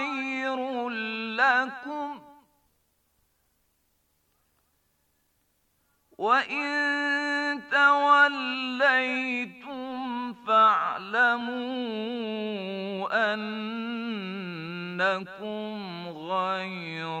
خير لكم وإن توليتم فاعلموا أنكم غير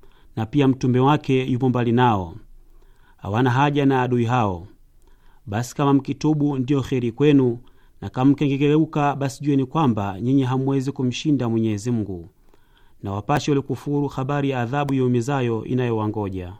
na pia mtume wake yupo mbali nao, hawana haja na adui hao. Basi kama mkitubu ndiyo kheri kwenu, na kama mkengegeuka, basi jueni kwamba nyinyi hamuwezi kumshinda Mwenyezi Mungu, na wapashe walikufuru habari ya adhabu yaumizayo inayowangoja.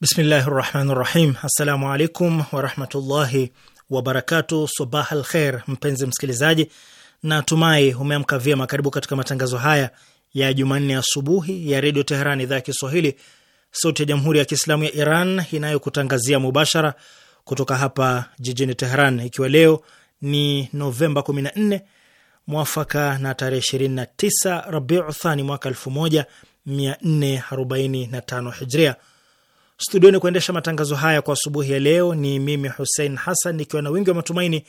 Bismillahi rahmani rahim. Assalamu alaikum warahmatullahi wabarakatu. Sabah al kher, mpenzi msikilizaji, na tumai umeamka vyema. Karibu katika matangazo haya ya Jumanne asubuhi ya Redio Teheran, idhaa ya Kiswahili, sauti ya Jamhuri ya Kiislamu ya Iran inayokutangazia mubashara kutoka hapa jijini Teheran, ikiwa leo ni Novemba 14 mwafaka na tarehe 29 Rabiu Thani mwaka 1445 Hijria. Studioni kuendesha matangazo haya kwa asubuhi ya leo ni mimi Hussein Hassan, nikiwa na wingi wa matumaini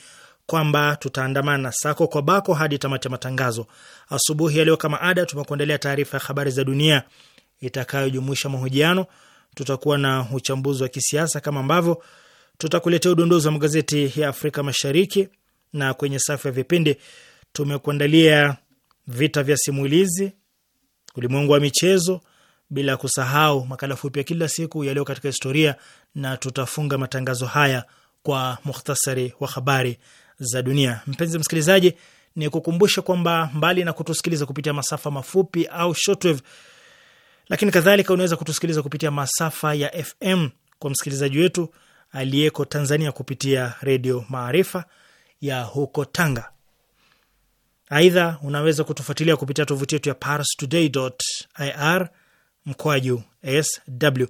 kwamba tutaandamana sako kwa bako hadi tamati ya matangazo asubuhi ya leo. Kama ada, tumekuandalia taarifa ya habari za dunia itakayojumuisha mahojiano. Tutakuwa na uchambuzi wa kisiasa kama ambavyo tutakuletea udondozi wa magazeti ya Afrika Mashariki, na kwenye safu ya vipindi tumekuandalia vita vya simulizi, ulimwengu wa michezo bila kusahau makala fupi ya kila siku yaliyo katika historia, na tutafunga matangazo haya kwa muhtasari wa habari za dunia. Mpenzi msikilizaji, ni kukumbusha kwamba mbali na kutusikiliza kupitia masafa mafupi au shortwave, lakini kadhalika unaweza kutusikiliza kupitia masafa ya FM kwa msikilizaji wetu aliyeko Tanzania kupitia Redio Maarifa ya huko Tanga. Aidha, unaweza kutufuatilia kupitia tovuti yetu ya parstoday.ir mkwaju sw.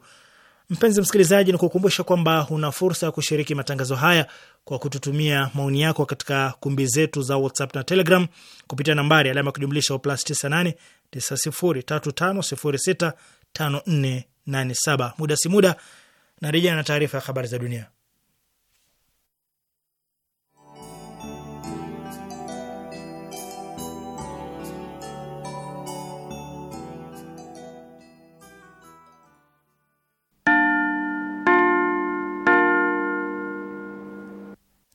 Mpenzi msikilizaji, ni kukumbusha kwamba una fursa ya kushiriki matangazo haya kwa kututumia maoni yako katika kumbi zetu za WhatsApp na Telegram kupitia nambari alama ya kujumlisha plus 98 9035065487. Muda si muda na rejea na taarifa ya habari za dunia.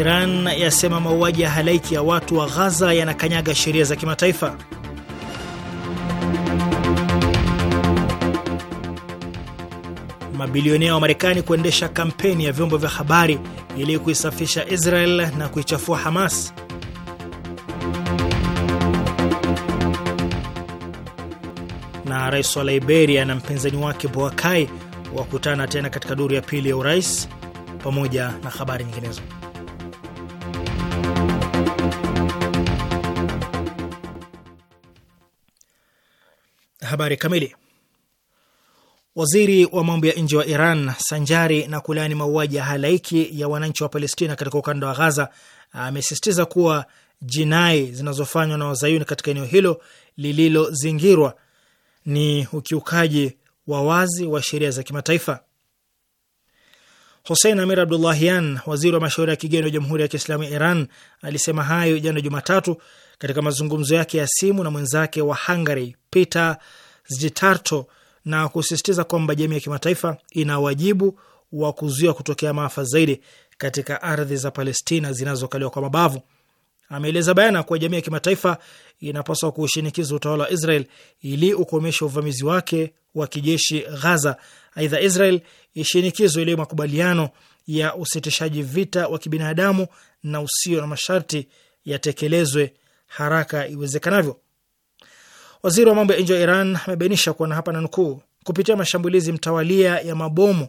Iran yasema mauaji ya halaiki ya watu wa Ghaza yanakanyaga sheria za kimataifa. Mabilionea wa Marekani kuendesha kampeni ya vyombo vya habari ili kuisafisha Israel na kuichafua Hamas. Na rais wa Liberia na mpinzani wake Boakai wakutana tena katika duru ya pili ya urais, pamoja na habari nyinginezo. Habari kamili. Waziri wa mambo ya nje wa Iran sanjari na kulaani mauaji ya halaiki ya wananchi wa Palestina katika ukanda wa Ghaza amesisitiza kuwa jinai zinazofanywa na wazayuni katika eneo hilo lililozingirwa ni ukiukaji wa wazi wa sheria za kimataifa. Hussein Amir Abdullahian, waziri wa mashauri ya kigeni wa Jamhuri ya Kiislamu ya Iran, alisema hayo jana Jumatatu katika mazungumzo yake ya simu na mwenzake wa Hungary Peter Zitarto na kusisitiza kwamba jamii ya kimataifa ina wajibu wa kuzuia kutokea maafa zaidi katika ardhi za Palestina zinazokaliwa kwa mabavu. Ameeleza bayana kuwa jamii ya kimataifa inapaswa kuushinikiza utawala wa Israel ili ukomeshe uvamizi wake wa kijeshi Ghaza. Aidha, Israel ishinikizwe ili makubaliano ya usitishaji vita wa kibinadamu na usio na masharti yatekelezwe haraka iwezekanavyo. Waziri wa mambo ya nje wa Iran amebainisha kuwa na hapa na nukuu, kupitia mashambulizi mtawalia ya mabomu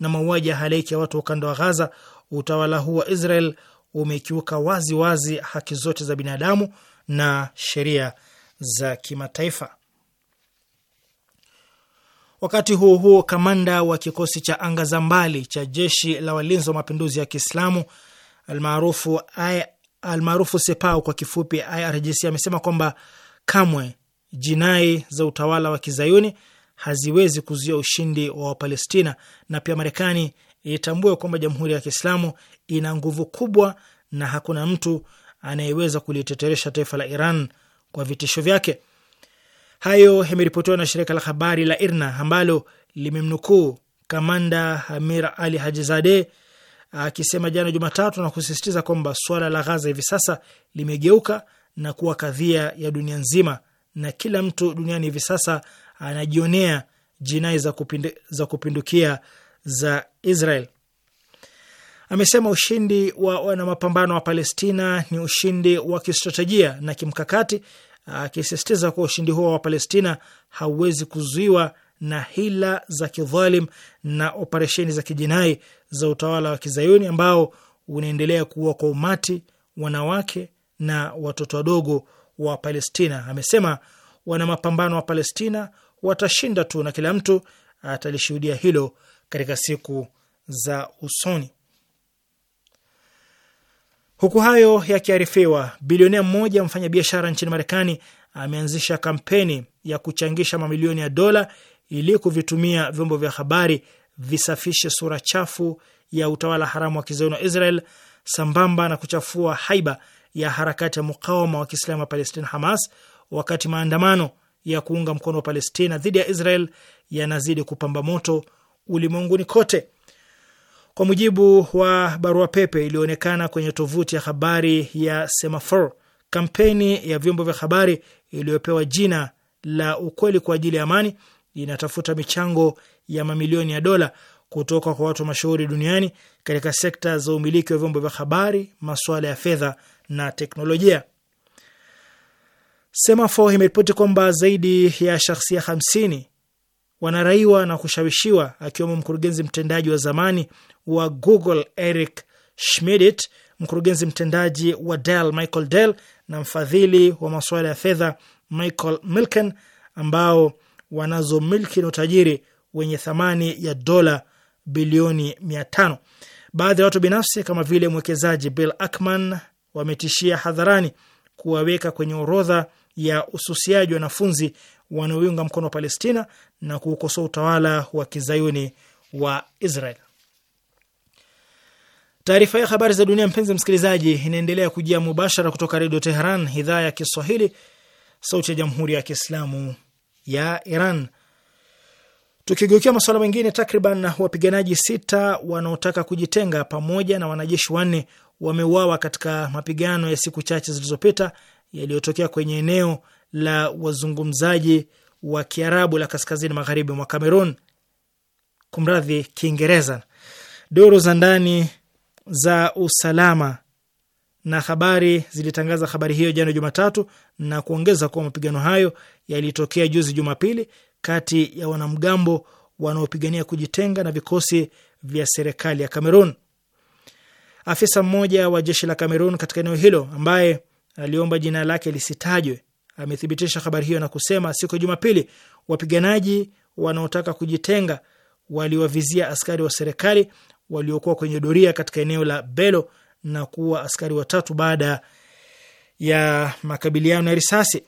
na mauaji ya halaiki ya watu wa ukanda wa Ghaza, utawala huu wa Israel umekiuka wazi wazi haki zote za binadamu na sheria za kimataifa. Wakati huo huo, kamanda wa kikosi cha anga za mbali cha jeshi la walinzi wa mapinduzi ya Kiislamu almaarufu almaarufu Sepao kwa kifupi IRGC, amesema kwamba kamwe jinai za utawala wa kizayuni haziwezi kuzuia ushindi wa Wapalestina na pia Marekani itambue kwamba Jamhuri ya Kiislamu ina nguvu kubwa na hakuna mtu anayeweza kuliteteresha taifa la Iran kwa vitisho vyake. Hayo yameripotiwa na shirika la habari la IRNA ambalo limemnukuu kamanda Amir Ali Hajizadeh akisema jana Jumatatu na kusisitiza kwamba swala la Ghaza hivi sasa limegeuka na kuwa kadhia ya dunia nzima na kila mtu duniani hivi sasa anajionea jinai za, kupindu, za kupindukia za Israel. Amesema ushindi wa mapambano wa Palestina ni ushindi wa kistratejia na kimkakati, akisisitiza kuwa ushindi huo wa Palestina hauwezi kuzuiwa na hila za kidhalim na operesheni za kijinai za utawala wa kizayuni ambao unaendelea kuua kwa umati wanawake na watoto wadogo wa Palestina. Amesema wana mapambano wa Palestina watashinda tu na kila mtu atalishuhudia hilo katika siku za usoni. Huku hayo yakiarifiwa, bilionea mmoja mfanyabiashara nchini Marekani ameanzisha kampeni ya kuchangisha mamilioni ya dola ili kuvitumia vyombo vya habari visafishe sura chafu ya utawala haramu wa kizayuni wa Israel sambamba na kuchafua haiba ya harakati ya mukawama wa kiislamu wa Palestina, Hamas, wakati maandamano ya kuunga mkono wa Palestina dhidi ya Israel yanazidi kupamba moto ulimwenguni kote. Kwa mujibu wa barua pepe iliyoonekana kwenye tovuti ya habari ya Semafor, kampeni ya vyombo vya habari iliyopewa jina la Ukweli kwa ajili ya Amani inatafuta michango ya mamilioni ya dola kutoka kwa watu mashuhuri duniani katika sekta za umiliki wa vyombo vya habari, masuala ya fedha na teknolojia. Semafo imeripoti kwamba zaidi ya shahsia hamsini wanaraiwa na kushawishiwa akiwemo mkurugenzi mtendaji wa zamani wa Google Eric Schmidt, mkurugenzi mtendaji wa Dell Michael Dell na mfadhili wa masuala ya fedha Michael Milken, ambao milki na utajiri wenye thamani ya dola bilioni mia tano. Baadhi ya watu binafsi kama vile mwekezaji Bill Ackman wametishia hadharani kuwaweka kwenye orodha ya ususiaji wanafunzi wanaoiunga mkono wa Palestina na kuukosoa utawala wa kizayuni wa Israel. Taarifa ya habari za dunia, mpenzi msikilizaji, inaendelea kujia mubashara kutoka Redio Teheran, idhaa ya Kiswahili, sauti ya jamhuri ya kiislamu ya Iran. Tukigeukia masuala mengine, takriban wapiganaji sita wanaotaka kujitenga pamoja na wanajeshi wanne wameuawa katika mapigano ya siku chache zilizopita yaliyotokea kwenye eneo la wazungumzaji wa Kiarabu la kaskazini magharibi mwa Cameroon, kumradhi Kiingereza. Doro za ndani za usalama na habari zilitangaza habari hiyo jana Jumatatu na kuongeza kuwa mapigano hayo yalitokea juzi Jumapili kati ya wanamgambo wanaopigania kujitenga na vikosi vya serikali ya Kamerun. Afisa mmoja wa jeshi la Kamerun katika eneo hilo ambaye aliomba jina lake lisitajwe amethibitisha habari hiyo na kusema siku ya Jumapili wapiganaji wanaotaka kujitenga waliwavizia askari wa serikali waliokuwa kwenye doria katika eneo la Belo na kuwa askari watatu baada ya makabiliano ya risasi.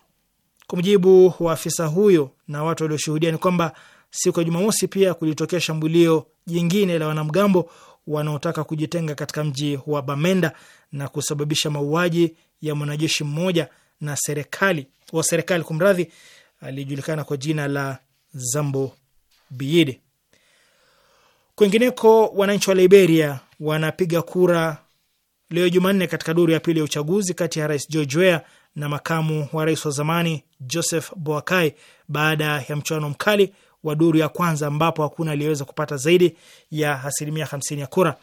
Kwa mujibu wa afisa huyo, na watu walioshuhudia ni kwamba siku ya Jumamosi pia kulitokea shambulio jingine la wanamgambo wanaotaka kujitenga katika mji wa Bamenda na kusababisha mauaji ya mwanajeshi mmoja na serikali wa serikali kumradhi, alijulikana kwa jina la Zambo Biide. Kwingineko, wananchi wa Liberia wanapiga kura leo Jumanne katika duru ya pili ya uchaguzi kati ya rais George Weah na makamu wa rais wa zamani Joseph Boakai baada ya mchuano mkali wa duru ya kwanza ambapo hakuna aliyeweza kupata zaidi ya asilimia 50 ya kura.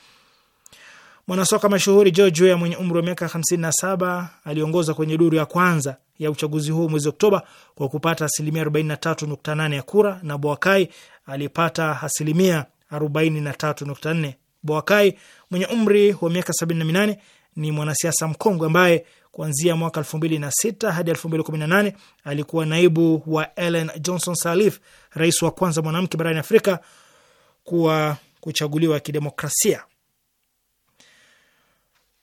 Mwanasoka mashuhuri George Weah mwenye umri wa miaka 57 aliongoza kwenye duru ya kwanza ya uchaguzi huu mwezi Oktoba kwa kupata asilimia 43.8 ya kura na Boakai alipata asilimia 43.4. Boakai mwenye umri wa miaka 78 ni mwanasiasa mkongwe ambaye Kuanzia mwaka 2006 hadi 2018 alikuwa naibu wa Ellen Johnson Sirleaf, rais wa kwanza mwanamke barani Afrika kuwa kuchaguliwa kidemokrasia.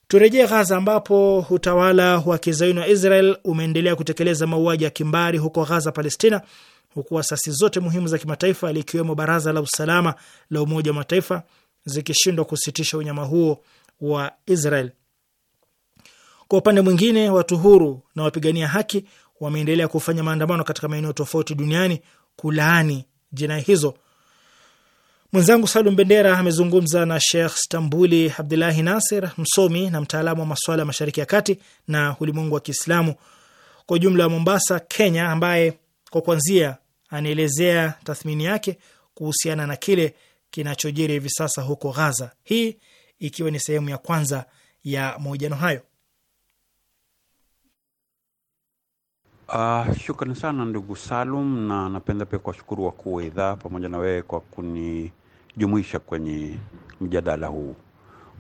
Turejee Ghaza ambapo utawala wa kizayuni wa Israel umeendelea kutekeleza mauaji ya kimbari huko Ghaza, Palestina, huku asasi zote muhimu za kimataifa likiwemo Baraza la Usalama la Umoja wa Mataifa zikishindwa kusitisha unyama huo wa Israel. Kwa upande mwingine, watu huru na wapigania haki wameendelea kufanya maandamano katika maeneo tofauti duniani kulaani jinai hizo. Mwenzangu Salum Bendera amezungumza na Sheikh Stambuli Abdullahi Nasir, msomi na mtaalamu wa masuala ya Mashariki ya Kati na ulimwengu wa Kiislamu kwa ujumla wa Mombasa, Kenya, ambaye kwa kwanzia anaelezea tathmini yake kuhusiana na kile kinachojiri hivi sasa huko Ghaza, hii ikiwa ni sehemu ya kwanza ya mahojiano hayo. Uh, ah, shukrani sana ndugu Salum, na napenda pia kuwashukuru wakuu wa idhaa pamoja na wewe kwa kunijumuisha kwenye mjadala huu.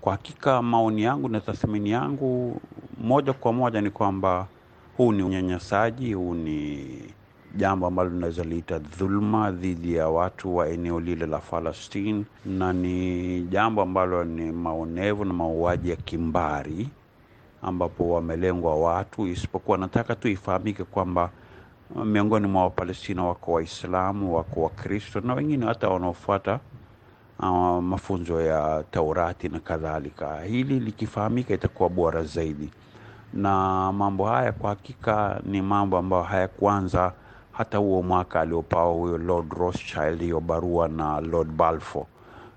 Kwa hakika maoni yangu na tathmini yangu moja kwa moja ni kwamba huu ni unyanyasaji, huu ni jambo ambalo linaweza liita dhuluma dhidi ya watu wa eneo lile la Palestine, na ni jambo ambalo ni maonevu na mauaji ya kimbari ambapo wamelengwa watu, isipokuwa nataka tu ifahamike kwamba uh, miongoni mwa Wapalestina wako Waislamu, wako Wakristo na wengine hata wanaofuata uh, mafunzo ya Taurati na kadhalika. Hili likifahamika itakuwa bora zaidi, na mambo haya kwa hakika ni mambo ambayo hayakuanza hata huo mwaka aliopawa huyo Lord Rothschild hiyo barua na Lord Balfour.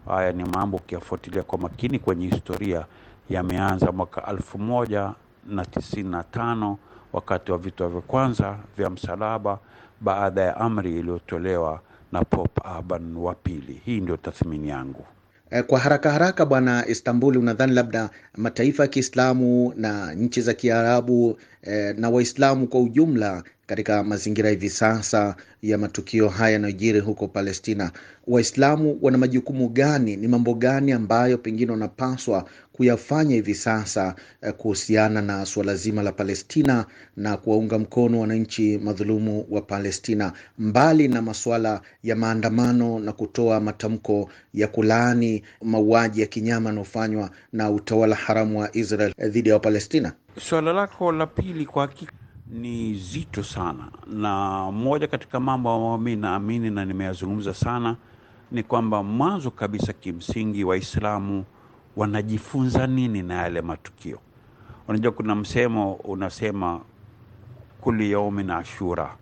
Haya ni mambo ukiyafuatilia kwa makini kwenye historia yameanza mwaka 1995 wakati wa vita vya kwanza vya msalaba baada ya amri iliyotolewa na Pope Urban wa pili. Hii ndio tathmini yangu. Eh, kwa haraka haraka, Bwana Istanbul, unadhani labda mataifa ya Kiislamu na nchi za Kiarabu Eh, na Waislamu kwa ujumla katika mazingira hivi sasa ya matukio haya yanayojiri huko Palestina, Waislamu wana majukumu gani? Ni mambo gani ambayo pengine wanapaswa kuyafanya hivi sasa eh, kuhusiana na suala zima la Palestina na kuwaunga mkono wananchi madhulumu wa Palestina, mbali na masuala ya maandamano na kutoa matamko ya kulaani mauaji ya kinyama yanayofanywa na utawala haramu wa Israel eh, dhidi ya Wapalestina? Suala lako la pili kwa hakika ni zito sana, na moja katika mambo ambayo mi naamini na nimeyazungumza sana ni kwamba mwanzo kabisa, kimsingi, Waislamu wanajifunza nini na yale matukio? Unajua, kuna msemo unasema kullu yaumin ashura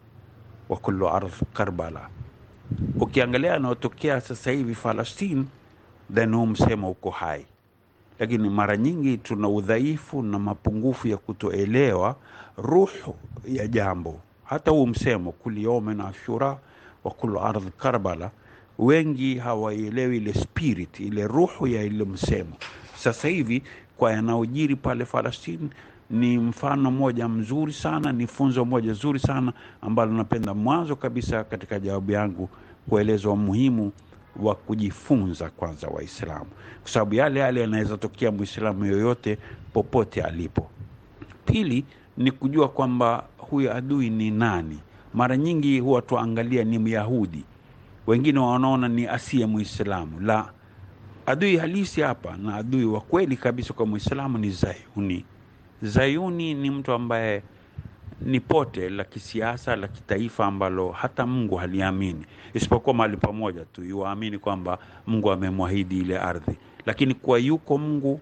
wa kullu ardh karbala. Ukiangalia anaotokea sasa hivi Falastini, then huu msemo uko hai lakini mara nyingi tuna udhaifu na mapungufu ya kutoelewa ruhu ya jambo. Hata huu msemo kuli na ashura wa kulu ardhi karbala, wengi hawaelewi ile spirit, ile ruhu ya ile msemo. Sasa hivi kwa yanayojiri pale Falastini ni mfano mmoja mzuri sana, ni funzo moja zuri sana ambalo napenda mwanzo kabisa katika jawabu yangu kueleza umuhimu wa kujifunza kwanza Waislamu, kwa sababu yale yale yanaweza tokea Mwislamu yoyote popote alipo. Pili ni kujua kwamba huyu adui ni nani. Mara nyingi huwa tuangalia ni Myahudi, wengine wanaona ni asiye Mwislamu. La, adui halisi hapa na adui wa kweli kabisa kwa Mwislamu ni Zayuni. Zayuni ni mtu ambaye ni pote la kisiasa la kitaifa ambalo hata Mungu haliamini isipokuwa mahali pamoja tu, yuwaamini kwamba Mungu amemwahidi ile ardhi, lakini kwa yuko Mungu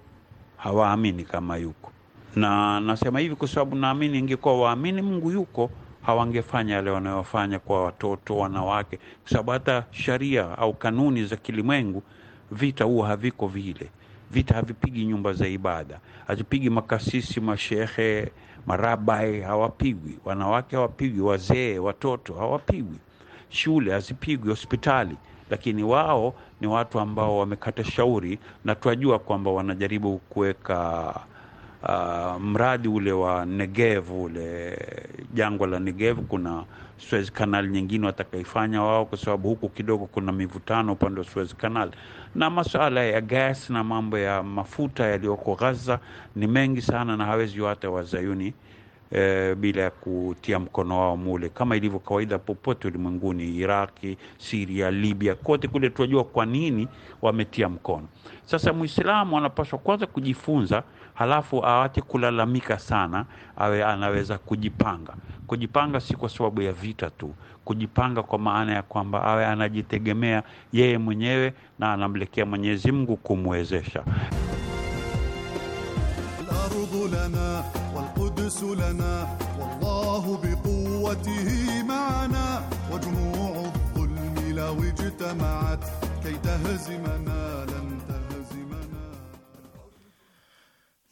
hawaamini kama yuko. Na nasema hivi kwa sababu naamini ingekuwa waamini Mungu yuko hawangefanya yale wanayofanya kwa watoto, wanawake, kwa sababu hata sharia au kanuni za kilimwengu, vita huwa haviko vile. Vita havipigi nyumba za ibada, hazipigi makasisi, mashehe marabai hawapigwi, wanawake hawapigwi, wazee, watoto hawapigwi, shule hazipigwi, hospitali. Lakini wao ni watu ambao wamekata shauri, na tuajua kwamba wanajaribu kuweka uh, mradi ule wa Negev, ule jangwa la Negev, kuna Suez Canal nyingine watakaifanya wao, kwa sababu huku kidogo kuna mivutano upande wa Suez Canal. Na masuala ya gas na mambo ya mafuta yaliyoko Gaza ni mengi sana, na hawezi wata wazayuni E, bila ya kutia mkono wao mule, kama ilivyo kawaida popote ulimwenguni, Iraki, Siria, Libya, kote kule tunajua kwa nini wametia mkono. Sasa Muislamu anapaswa kwanza kujifunza halafu awate kulalamika sana, awe anaweza kujipanga. Kujipanga si kwa sababu ya vita tu, kujipanga kwa maana ya kwamba awe anajitegemea yeye mwenyewe na anamlekea Mwenyezi Mungu kumwezesha.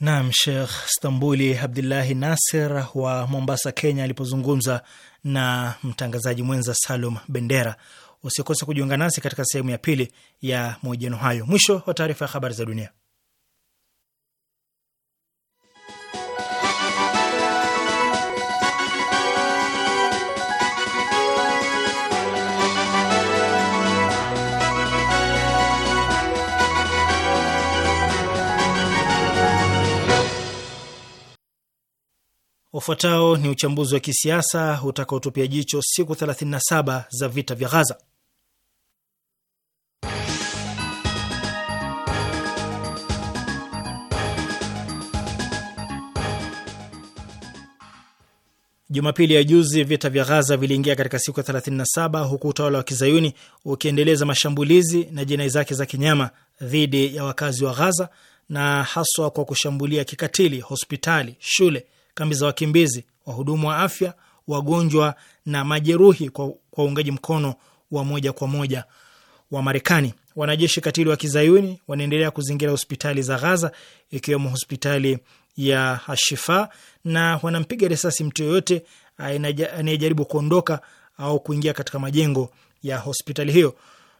Naam, Sheikh Stambuli Abdullahi Nasir wa Mombasa, Kenya, alipozungumza na mtangazaji mwenza Salum Bendera. Usikose kujiunga nasi katika sehemu ya pili ya mahojiano hayo. Mwisho wa taarifa ya habari za dunia. Ufuatao ni uchambuzi wa kisiasa utakaotupia jicho siku 37 za vita vya Ghaza. Jumapili ya juzi vita vya Ghaza viliingia katika siku ya 37 huku utawala wa kizayuni ukiendeleza mashambulizi na jinai zake za kinyama dhidi ya wakazi wa Ghaza na haswa kwa kushambulia kikatili hospitali, shule kambi za wakimbizi, wahudumu wa afya, wagonjwa na majeruhi, kwa, kwa uungaji mkono wa moja kwa moja wa Marekani. Wanajeshi katili wa kizayuni wanaendelea kuzingira hospitali za Ghaza, ikiwemo hospitali ya Ashifa, na wanampiga risasi mtu yoyote anayejaribu kuondoka au kuingia katika majengo ya hospitali hiyo.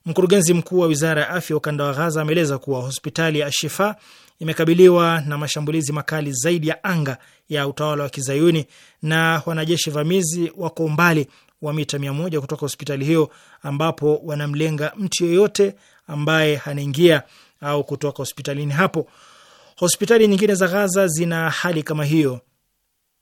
Mkurugenzi mkuu wa wizara ya afya ukanda wa Ghaza ameeleza kuwa hospitali ya Ashifa imekabiliwa na mashambulizi makali zaidi ya anga ya utawala wa kizayuni na wanajeshi vamizi wako umbali wa mita mia moja kutoka hospitali hiyo ambapo wanamlenga mtu yeyote ambaye anaingia au kutoka hospitalini hapo. Hospitali nyingine za Gaza zina hali kama hiyo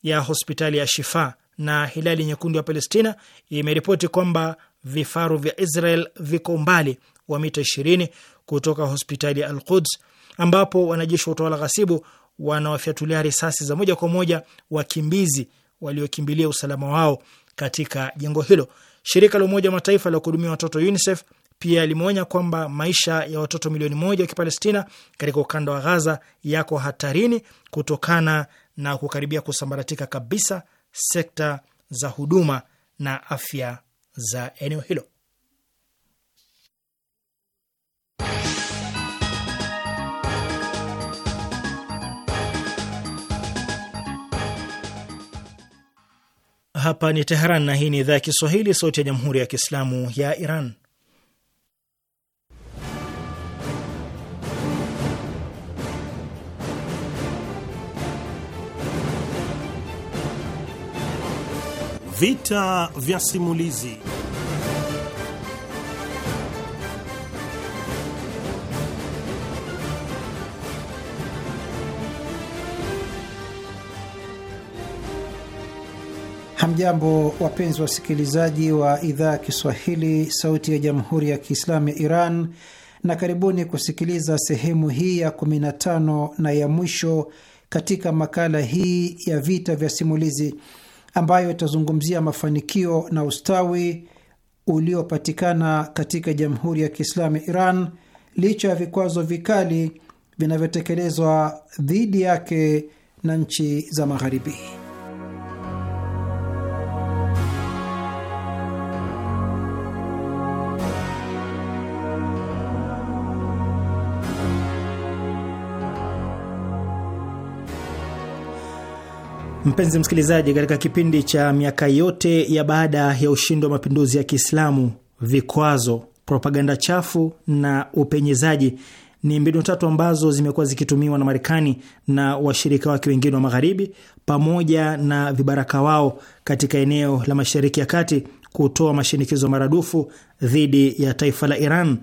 ya hospitali ya Shifa, na Hilali Nyekundu ya Palestina imeripoti kwamba vifaru vya Israel viko umbali wa mita ishirini kutoka hospitali ya Al Quds ambapo wanajeshi wa utawala ghasibu wanawafyatulia risasi za moja kwa moja wakimbizi waliokimbilia usalama wao katika jengo hilo. Shirika la Umoja wa Mataifa la kuhudumia watoto UNICEF pia limeonya kwamba maisha ya watoto milioni moja wa Kipalestina katika ukanda wa Ghaza yako hatarini kutokana na kukaribia kusambaratika kabisa sekta za huduma na afya za eneo hilo. Hapa ni teheran na hii ni idhaa ya Kiswahili, sauti ya jamhuri ya kiislamu ya Iran. Vita vya simulizi Hamjambo, wapenzi wasikilizaji wa idhaa ya Kiswahili, Sauti ya Jamhuri ya Kiislamu ya Iran, na karibuni kusikiliza sehemu hii ya 15 na ya mwisho katika makala hii ya Vita vya Simulizi, ambayo itazungumzia mafanikio na ustawi uliopatikana katika Jamhuri ya Kiislamu ya Iran licha ya vikwazo vikali vinavyotekelezwa dhidi yake na nchi za Magharibi. Mpenzi msikilizaji, katika kipindi cha miaka yote ya baada ya ushindi wa mapinduzi ya Kiislamu, vikwazo, propaganda chafu na upenyezaji ni mbinu tatu ambazo zimekuwa zikitumiwa na Marekani na washirika wake wengine wa Magharibi pamoja na vibaraka wao katika eneo la Mashariki ya Kati kutoa mashinikizo maradufu dhidi ya taifa la Iran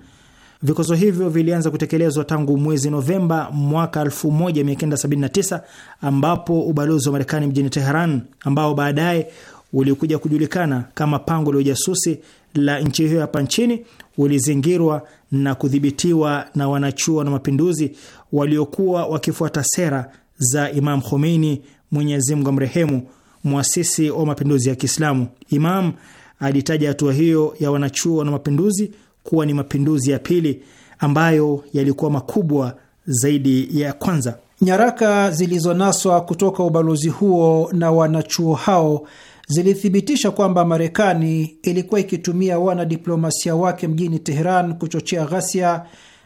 Vikwazo hivyo vilianza kutekelezwa tangu mwezi Novemba mwaka 1979 ambapo ubalozi wa Marekani mjini Teheran, ambao baadaye ulikuja kujulikana kama pango la ujasusi la nchi hiyo hapa nchini, ulizingirwa na kudhibitiwa na wanachuo na mapinduzi waliokuwa wakifuata sera za Imam Khomeini, Mwenyezi Mungu amrehemu, mwasisi wa mapinduzi ya Kiislamu. Imam alitaja hatua hiyo ya wanachuo na mapinduzi kuwa ni mapinduzi ya pili ambayo yalikuwa makubwa zaidi ya kwanza. Nyaraka zilizonaswa kutoka ubalozi huo na wanachuo hao zilithibitisha kwamba Marekani ilikuwa ikitumia wanadiplomasia wake mjini Teheran kuchochea ghasia,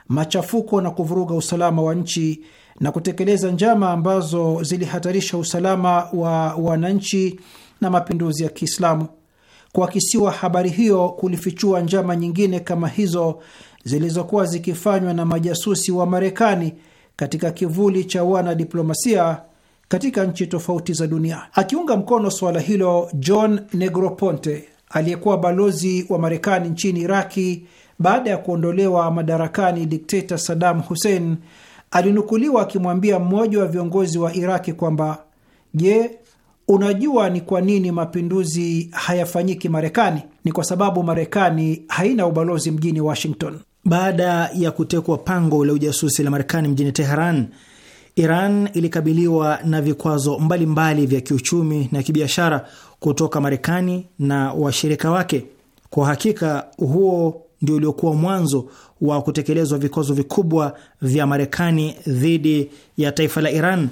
machafuko na kuvuruga usalama wa nchi na kutekeleza njama ambazo zilihatarisha usalama wa wananchi na mapinduzi ya Kiislamu. Kuakisiwa habari hiyo kulifichua njama nyingine kama hizo zilizokuwa zikifanywa na majasusi wa Marekani katika kivuli cha wanadiplomasia katika nchi tofauti za dunia. Akiunga mkono suala hilo, John Negroponte aliyekuwa balozi wa Marekani nchini Iraki baada ya kuondolewa madarakani dikteta Saddam Hussein alinukuliwa akimwambia mmoja wa viongozi wa Iraki kwamba, je, Unajua ni kwa nini mapinduzi hayafanyiki Marekani? Ni kwa sababu Marekani haina ubalozi mjini Washington. Baada ya kutekwa pango la ujasusi la Marekani mjini Teheran, Iran ilikabiliwa na vikwazo mbalimbali mbali vya kiuchumi na kibiashara kutoka Marekani na washirika wake. Kwa hakika huo ndio uliokuwa mwanzo wa kutekelezwa vikwazo vikubwa vya Marekani dhidi ya taifa la Iran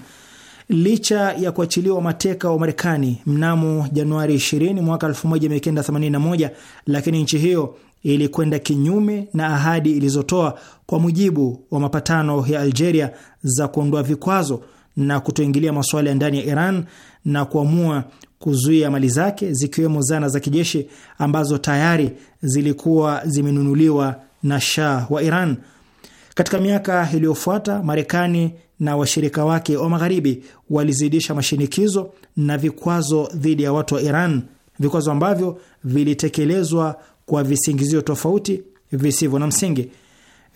Licha ya kuachiliwa mateka wa Marekani mnamo Januari 20 mwaka 1981, lakini nchi hiyo ilikwenda kinyume na ahadi ilizotoa kwa mujibu wa mapatano ya Algeria za kuondoa vikwazo na kutoingilia masuala ya ndani ya Iran na kuamua kuzuia mali zake zikiwemo zana za kijeshi ambazo tayari zilikuwa zimenunuliwa na Shah wa Iran. Katika miaka iliyofuata, Marekani na washirika wake wa magharibi walizidisha mashinikizo na vikwazo dhidi ya watu wa Iran, vikwazo ambavyo vilitekelezwa kwa visingizio tofauti visivyo na msingi.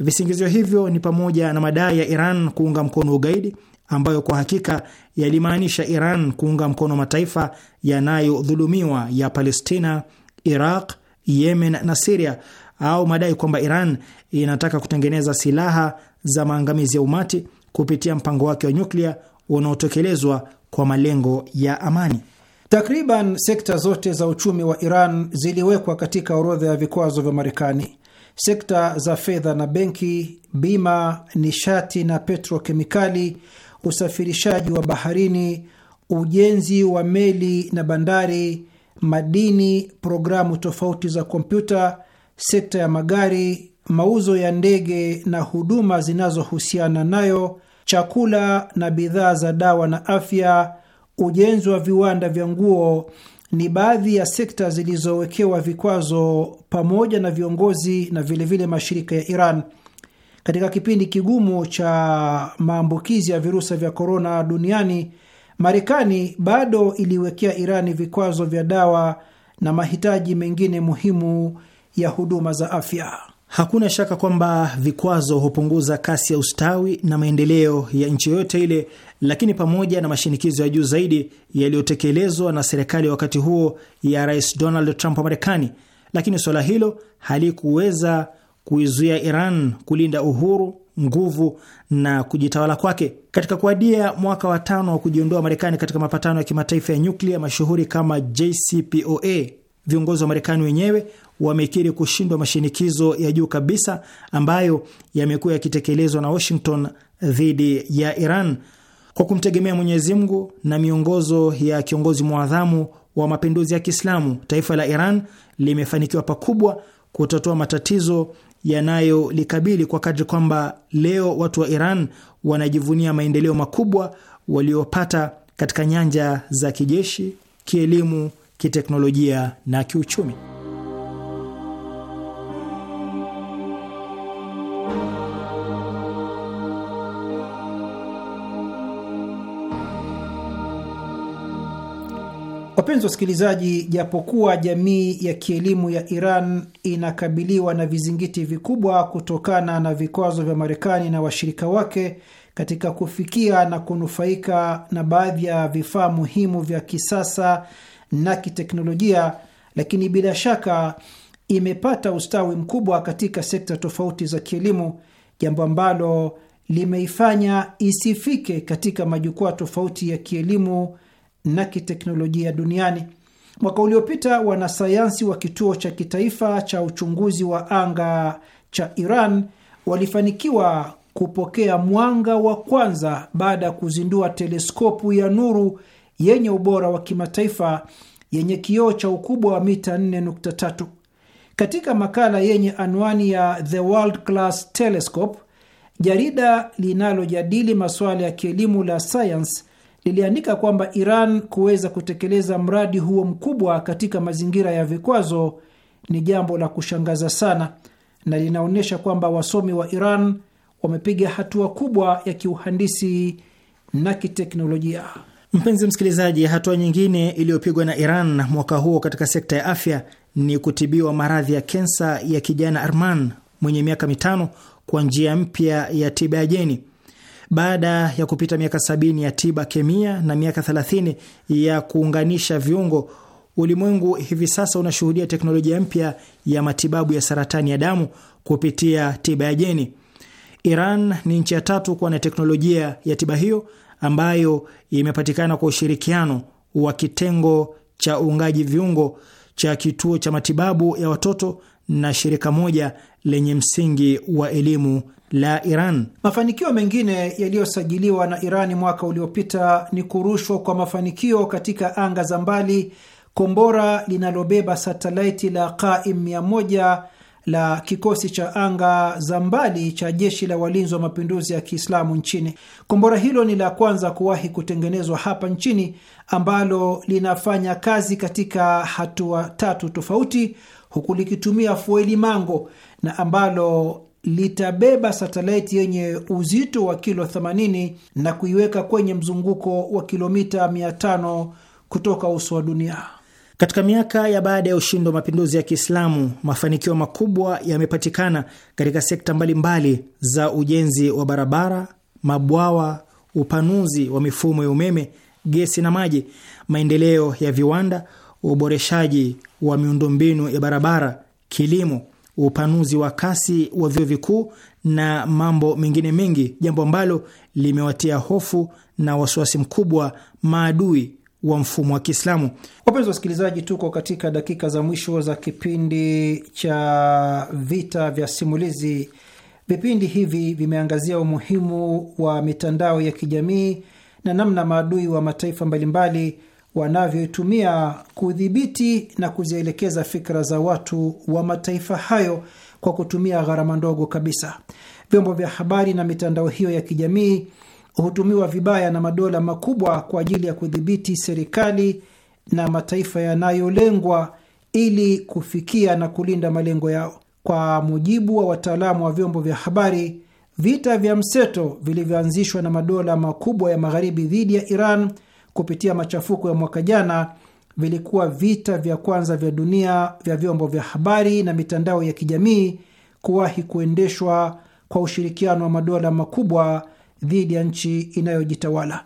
Visingizio hivyo ni pamoja na madai ya Iran kuunga mkono ugaidi, ambayo kwa hakika yalimaanisha Iran kuunga mkono mataifa yanayodhulumiwa ya Palestina, Iraq, Yemen na Siria, au madai kwamba Iran inataka kutengeneza silaha za maangamizi ya umati kupitia mpango wake wa nyuklia unaotekelezwa kwa malengo ya amani. Takriban sekta zote za uchumi wa Iran ziliwekwa katika orodha ya vikwazo vya Marekani. Sekta za fedha na benki, bima, nishati na petrokemikali, usafirishaji wa baharini, ujenzi wa meli na bandari, madini, programu tofauti za kompyuta, sekta ya magari mauzo ya ndege na huduma zinazohusiana nayo, chakula na bidhaa za dawa na afya, ujenzi wa viwanda vya nguo ni baadhi ya sekta zilizowekewa vikwazo pamoja na viongozi na vilevile vile mashirika ya Iran katika kipindi kigumu cha maambukizi ya virusi vya korona duniani. Marekani bado iliwekea Irani vikwazo vya dawa na mahitaji mengine muhimu ya huduma za afya. Hakuna shaka kwamba vikwazo hupunguza kasi ya ustawi na maendeleo ya nchi yoyote ile, lakini pamoja na mashinikizo ya juu zaidi yaliyotekelezwa na serikali wakati huo ya Rais Donald Trump wa Marekani, lakini suala hilo halikuweza kuizuia Iran kulinda uhuru, nguvu na kujitawala kwake. Katika kuadia mwaka wa tano wa kujiondoa Marekani katika mapatano ya kimataifa ya nyuklia mashuhuri kama JCPOA, viongozi wa Marekani wenyewe wamekiri kushindwa mashinikizo ya juu kabisa ambayo yamekuwa yakitekelezwa na Washington dhidi ya Iran kwa kumtegemea Mwenyezi Mungu na miongozo ya kiongozi mwadhamu wa mapinduzi ya Kiislamu, taifa la Iran limefanikiwa pakubwa kutatua matatizo yanayolikabili kwa kadri kwamba leo watu wa Iran wanajivunia maendeleo makubwa waliopata katika nyanja za kijeshi, kielimu, kiteknolojia na kiuchumi. Wapenzi wasikilizaji, japokuwa jamii ya kielimu ya Iran inakabiliwa na vizingiti vikubwa kutokana na vikwazo vya Marekani na washirika wake katika kufikia na kunufaika na baadhi ya vifaa muhimu vya kisasa na kiteknolojia, lakini bila shaka imepata ustawi mkubwa katika sekta tofauti za kielimu, jambo ambalo limeifanya isifike katika majukwaa tofauti ya kielimu na kiteknolojia duniani. Mwaka uliopita wanasayansi wa kituo cha kitaifa cha uchunguzi wa anga cha Iran walifanikiwa kupokea mwanga wa kwanza baada ya kuzindua teleskopu ya nuru yenye ubora wa kimataifa yenye kioo cha ukubwa wa mita 4.3. Katika makala yenye anwani ya The World Class Telescope, jarida linalojadili masuala ya kielimu la sayansi liliandika kwamba Iran kuweza kutekeleza mradi huo mkubwa katika mazingira ya vikwazo ni jambo la kushangaza sana na linaonyesha kwamba wasomi wa Iran wamepiga hatua kubwa ya kiuhandisi na kiteknolojia. Mpenzi msikilizaji, hatua nyingine iliyopigwa na Iran mwaka huo katika sekta ya afya ni kutibiwa maradhi ya kensa ya kijana Arman mwenye miaka mitano kwa njia mpya ya tiba ya jeni. Baada ya kupita miaka sabini ya tiba kemia na miaka thelathini ya kuunganisha viungo, ulimwengu hivi sasa unashuhudia teknolojia mpya ya matibabu ya saratani ya damu kupitia tiba ya jeni. Iran ni nchi ya tatu kuwa na teknolojia ya tiba hiyo ambayo imepatikana kwa ushirikiano wa kitengo cha uungaji viungo cha kituo cha matibabu ya watoto na shirika moja lenye msingi wa elimu la Iran. Mafanikio mengine yaliyosajiliwa na Irani mwaka uliopita ni kurushwa kwa mafanikio katika anga za mbali kombora linalobeba satelaiti la Qaim 100 la kikosi cha anga za mbali cha jeshi la walinzi wa mapinduzi ya Kiislamu nchini. Kombora hilo ni la kwanza kuwahi kutengenezwa hapa nchini, ambalo linafanya kazi katika hatua tatu tofauti, huku likitumia fueli mango na ambalo litabeba satelaiti yenye uzito wa kilo 80 na kuiweka kwenye mzunguko wa kilomita 500 kutoka uso wa dunia. Katika miaka ya baada ya ushindi wa mapinduzi ya Kiislamu, mafanikio makubwa yamepatikana katika sekta mbalimbali mbali za ujenzi wa barabara, mabwawa, upanuzi wa mifumo ya umeme, gesi na maji, maendeleo ya viwanda, uboreshaji wa miundombinu ya barabara, kilimo upanuzi wa kasi wa vyuo vikuu na mambo mengine mengi, jambo ambalo limewatia hofu na wasiwasi mkubwa maadui wa mfumo wa Kiislamu. Wapenzi wasikilizaji, tuko katika dakika za mwisho za kipindi cha vita vya simulizi. Vipindi hivi vimeangazia umuhimu wa mitandao ya kijamii na namna maadui wa mataifa mbalimbali wanavyoitumia kudhibiti na kuzielekeza fikra za watu wa mataifa hayo kwa kutumia gharama ndogo kabisa. Vyombo vya habari na mitandao hiyo ya kijamii hutumiwa vibaya na madola makubwa kwa ajili ya kudhibiti serikali na mataifa yanayolengwa ili kufikia na kulinda malengo yao. Kwa mujibu wa wataalamu wa vyombo vya habari, vita vya mseto vilivyoanzishwa na madola makubwa ya magharibi dhidi ya Iran kupitia machafuko ya mwaka jana vilikuwa vita vya kwanza vya dunia vya vyombo vya habari na mitandao ya kijamii kuwahi kuendeshwa kwa ushirikiano wa madola makubwa dhidi ya nchi inayojitawala.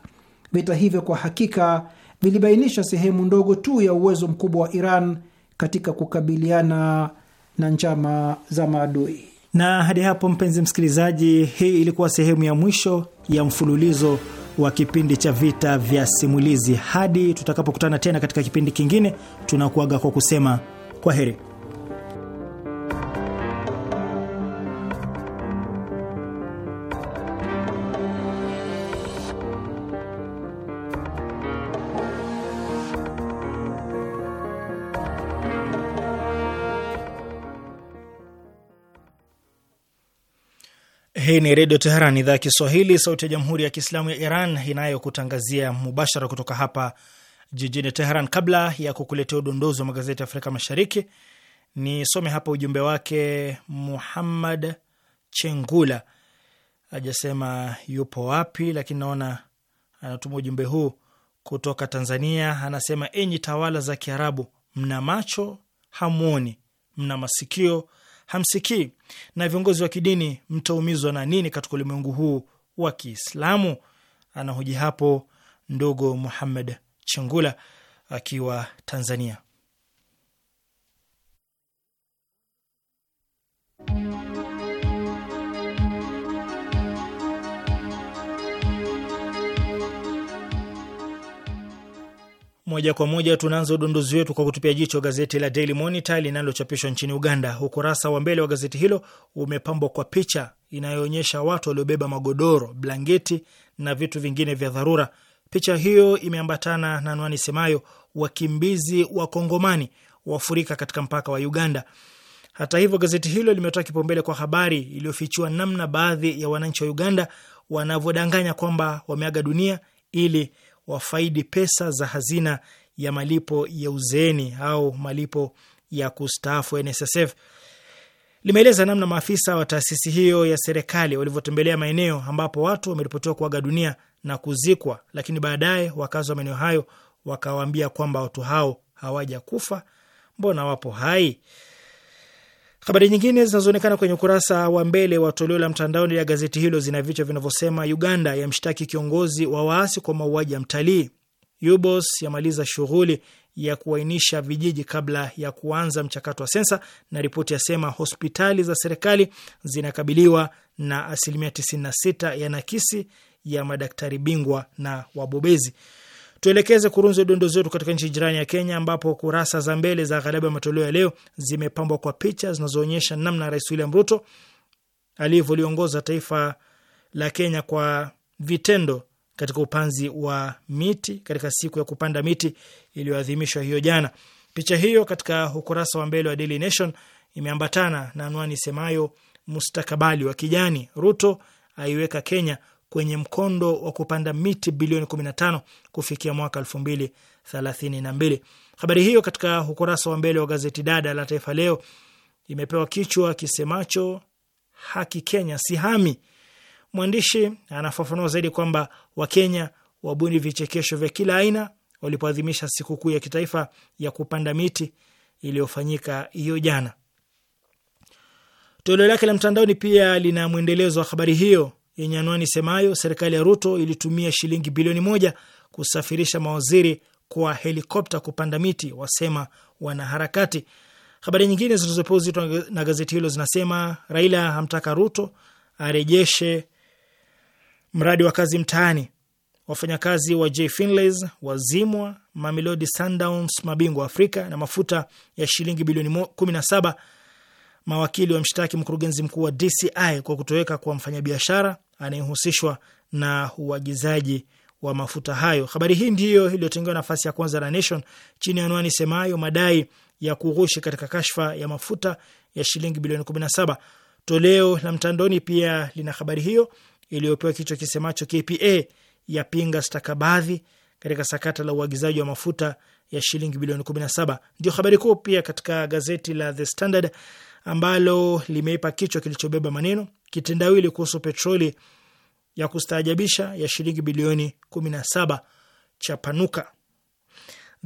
Vita hivyo kwa hakika vilibainisha sehemu ndogo tu ya uwezo mkubwa wa Iran katika kukabiliana na njama za maadui. Na hadi hapo, mpenzi msikilizaji, hii ilikuwa sehemu ya mwisho ya mfululizo wa kipindi cha vita vya simulizi. Hadi tutakapokutana tena katika kipindi kingine, tunakuaga kwa kusema kwa heri. Hii ni Redio Teheran, idhaa ya Kiswahili, sauti ya Jamhuri ya Kiislamu ya Iran inayokutangazia mubashara kutoka hapa jijini Teheran. Kabla ya kukuletea udondozi wa magazeti ya Afrika Mashariki, nisome hapa ujumbe wake. Muhammad Chengula ajasema yupo wapi, lakini naona anatuma ujumbe huu kutoka Tanzania. Anasema, enyi tawala za Kiarabu, mna macho hamwoni, mna masikio hamsikii na viongozi wa kidini mtaumizwa na nini katika ulimwengu huu wa Kiislamu? Anahoji hapo ndugu Muhammad Chengula akiwa Tanzania. Moja kwa moja tunaanza udunduzi wetu kwa kutupia jicho gazeti la Daily Monitor linalochapishwa nchini Uganda. Ukurasa wa mbele wa gazeti hilo umepambwa kwa picha inayoonyesha watu waliobeba magodoro, blanketi na vitu vingine vya dharura. Picha hiyo imeambatana na anwani semayo wakimbizi wa Kongomani wafurika katika mpaka wa Uganda. Hata hivyo, gazeti hilo limetoa kipaumbele kwa habari iliyofichua namna baadhi ya wananchi wa Uganda wanavyodanganya kwamba wameaga dunia ili wafaidi pesa za hazina ya malipo ya uzeeni au malipo ya kustaafu NSSF. Limeeleza namna maafisa wa taasisi hiyo ya serikali walivyotembelea maeneo ambapo watu wameripotiwa kuaga dunia na kuzikwa, lakini baadaye wakazi wa maeneo hayo wakawaambia kwamba watu hao hawajakufa, mbona wapo hai. Habari nyingine zinazoonekana kwenye ukurasa wa mbele wa toleo la mtandaoni la gazeti hilo zina vichwa vinavyosema: Uganda yamshtaki kiongozi wa waasi kwa mauaji ya mtalii; UBOS yamaliza shughuli ya kuainisha vijiji kabla ya kuanza mchakato wa sensa; na ripoti yasema hospitali za serikali zinakabiliwa na asilimia 96 ya nakisi ya madaktari bingwa na wabobezi. Tuelekeze kurunzi dondo zetu katika nchi jirani ya Kenya, ambapo kurasa za mbele za ghalabu ya matoleo ya leo zimepambwa kwa picha zinazoonyesha namna Rais William Ruto alivyoliongoza taifa la Kenya kwa vitendo katika upanzi wa miti katika siku ya kupanda miti iliyoadhimishwa hiyo jana. Picha hiyo katika ukurasa wa mbele wa Daily Nation imeambatana na anwani semayo mustakabali wa kijani, Ruto aiweka Kenya kwenye mkondo wa kupanda miti bilioni 15 kufikia mwaka 2032. Habari hiyo katika ukurasa wa mbele wa gazeti dada la Taifa Leo imepewa kichwa kisemacho haki Kenya si hami. Mwandishi anafafanua zaidi kwamba Wakenya wabuni vichekesho vya kila aina walipoadhimisha sikukuu ya kitaifa ya kupanda miti iliyofanyika hiyo jana. Toleo lake la mtandaoni pia lina mwendelezo wa habari hiyo yenye anwani semayo serikali ya Ruto ilitumia shilingi bilioni moja kusafirisha mawaziri kwa helikopta kupanda miti, wasema wanaharakati. Habari nyingine zilizopewa uzito na gazeti hilo zinasema Raila hamtaka Ruto arejeshe mradi wa kazi mtaani, wafanyakazi wa J Finlays wazimwa, Mamelodi Sundowns mabingwa Afrika, na mafuta ya shilingi bilioni 17 mawakili wa mshtaki mkurugenzi mkuu wa DCI kwa kutoweka kwa mfanyabiashara anayehusishwa na uagizaji wa mafuta hayo. Habari hii ndiyo iliyotengewa nafasi ya kwanza na Nation chini ya anwani semayo madai ya kughushi katika kashfa ya mafuta ya shilingi bilioni 17. Toleo la mtandaoni pia lina habari hiyo iliyopewa kichwa kisemacho KPA yapinga stakabadhi katika sakata la uagizaji wa mafuta ya shilingi bilioni 17. Ndio habari kuu pia katika gazeti la The Standard ambalo limeipa kichwa kilichobeba maneno kitendawili kuhusu petroli ya kustaajabisha ya shilingi bilioni 17 panuka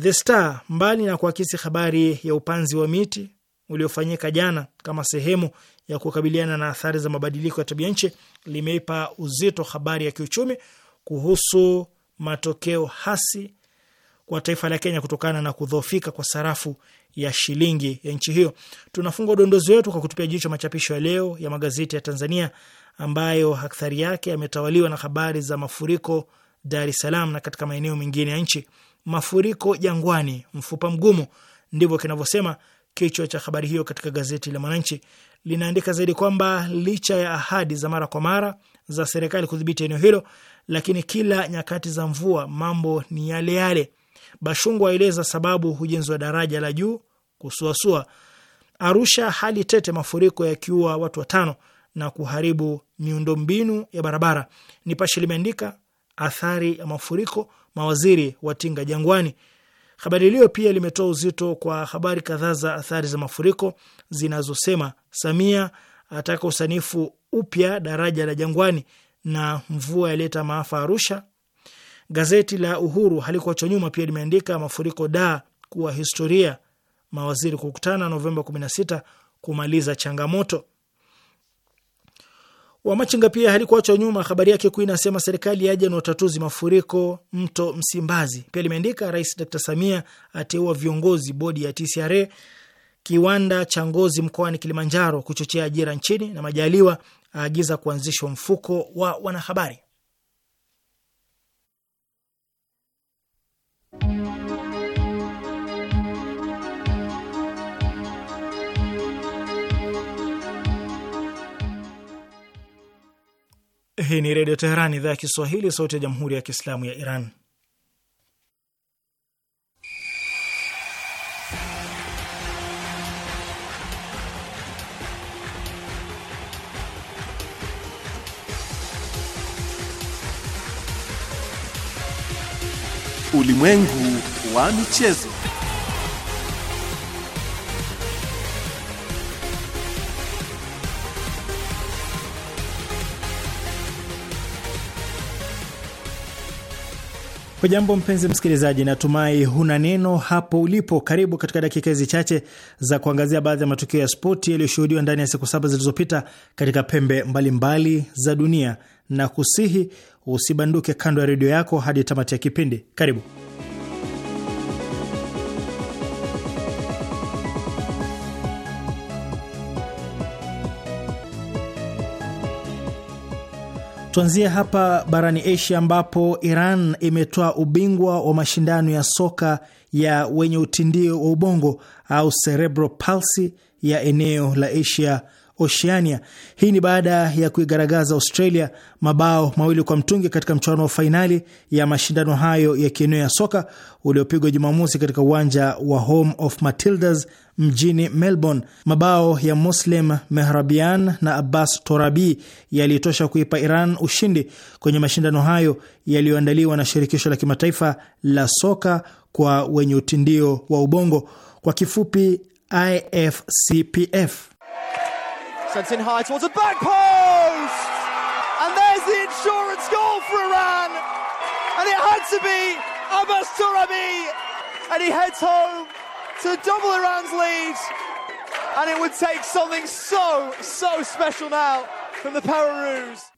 The Star, mbali na kuakisi habari ya upanzi wa miti uliofanyika jana kama sehemu ya kukabiliana na athari za mabadiliko ya tabia nchi, limeipa uzito habari ya kiuchumi kuhusu matokeo hasi kwa taifa la Kenya kutokana na kudhoofika kwa sarafu ya shilingi ya nchi hiyo. Tunafunga udondozi wetu kwa kutupia jicho machapisho ya leo ya magazeti ya Tanzania ambayo akthari yake yametawaliwa na habari za mafuriko Dar es Salaam na katika maeneo mengine ya nchi. Mafuriko Jangwani, mfupa mgumu, ndivyo kinavyosema kichwa cha habari hiyo katika gazeti la Mwananchi. Linaandika zaidi kwamba licha ya ahadi za mara kwa mara za serikali kudhibiti eneo hilo, lakini kila nyakati za mvua mambo ni yale yale. Bashungu aeleza sababu ujenzi wa daraja la juu kusuasua. Arusha hali tete, mafuriko yakiua watu watano na kuharibu miundombinu ya barabara. Nipashe limeandika athari ya mafuriko, mawaziri watinga jangwani. Habari iliyo pia limetoa uzito kwa habari kadhaa za athari za mafuriko zinazosema Samia ataka usanifu upya daraja la Jangwani na mvua yaleta maafa Arusha, Gazeti la Uhuru halikuachwa nyuma, pia limeandika mafuriko da kuwa historia, mawaziri kukutana Novemba 16 kumaliza changamoto. Wamachinga pia halikuachwa nyuma, habari yake kuu inasema serikali yaja na utatuzi mafuriko mto Msimbazi. Pia limeandika Rais Dr Samia ateua viongozi bodi ya TCRA, kiwanda cha ngozi mkoani Kilimanjaro kuchochea ajira nchini, na Majaliwa aagiza kuanzishwa mfuko wa wanahabari. Hii ni Redio Teheran, idhaa ya Kiswahili, sauti ya Jamhuri ya Kiislamu ya Iran. Ulimwengu wa michezo. Hujambo mpenzi msikilizaji, natumai huna neno hapo ulipo. Karibu katika dakika hizi chache za kuangazia baadhi ya matukio ya spoti yaliyoshuhudiwa ndani ya siku saba zilizopita katika pembe mbalimbali mbali za dunia, na kusihi usibanduke kando ya redio yako hadi tamati ya kipindi. Karibu. Tuanzie hapa barani Asia ambapo Iran imetoa ubingwa wa mashindano ya soka ya wenye utindio wa ubongo au cerebral palsy ya eneo la Asia Oceania. Hii ni baada ya kuigaragaza Australia mabao mawili kwa mtungi katika mchuano wa fainali ya mashindano hayo ya kieneo ya soka uliopigwa Jumamosi katika uwanja wa Home of Matildas mjini Melbourne. Mabao ya Muslim Mehrabian na Abbas Torabi yalitosha kuipa Iran ushindi kwenye mashindano hayo yaliyoandaliwa na shirikisho la kimataifa la soka kwa wenye utindio wa ubongo, kwa kifupi IFCPF. Sent in high towards the back post! And there's the insurance goal for Iran! And it had to be Abbas Turabi! And he heads home to double Iran's lead. And it would take something so, so special now From the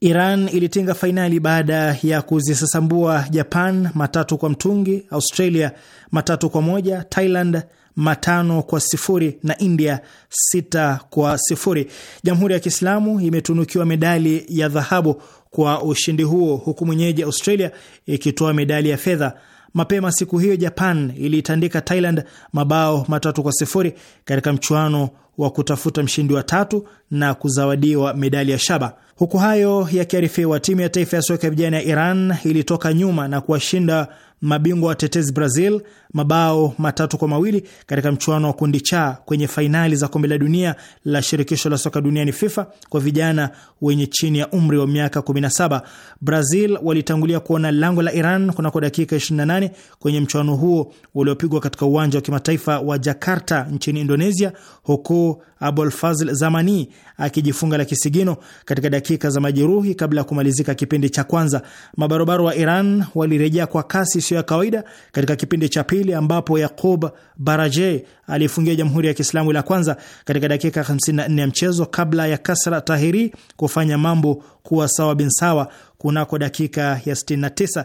Iran ilitinga fainali baada ya kuzisasambua Japan matatu kwa mtungi, Australia matatu kwa moja, Thailand matano kwa sifuri na India sita kwa sifuri. Jamhuri ya Kiislamu imetunukiwa medali ya dhahabu kwa ushindi huo, huku mwenyeji Australia ikitoa medali ya fedha. Mapema siku hiyo Japan iliitandika Thailand mabao matatu kwa sifuri katika mchuano wa kutafuta mshindi wa tatu na kuzawadiwa medali ya shaba. Huku hayo yakiarifiwa, timu ya taifa ya soka ya vijana ya Iran ilitoka nyuma na kuwashinda mabingwa watetezi Brazil mabao matatu kwa mawili katika mchuano wa kundi cha kwenye fainali za kombe la dunia la shirikisho la soka duniani FIFA kwa vijana wenye chini ya umri wa miaka 17. Brazil walitangulia kuona lango la Iran kunako dakika 28 kwenye mchuano huo uliopigwa katika uwanja wa kimataifa wa Jakarta nchini Indonesia, huku Abolfazl Zamani akijifunga la kisigino katika dakika za majeruhi kabla ya kumalizika kipindi cha kwanza. Mabarobaro wa Iran walirejea kwa kasi isiyo ya kawaida katika kipindi cha pili, ambapo Yaqub Baraje alifungia Jamhuri ya Kiislamu la kwanza katika dakika 54 ya mchezo kabla ya Kasra Tahiri kufanya mambo kuwa sawa bin sawa kunako dakika ya 69.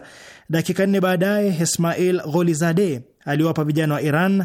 Dakika nne baadaye Ismail Golizade aliwapa vijana wa Iran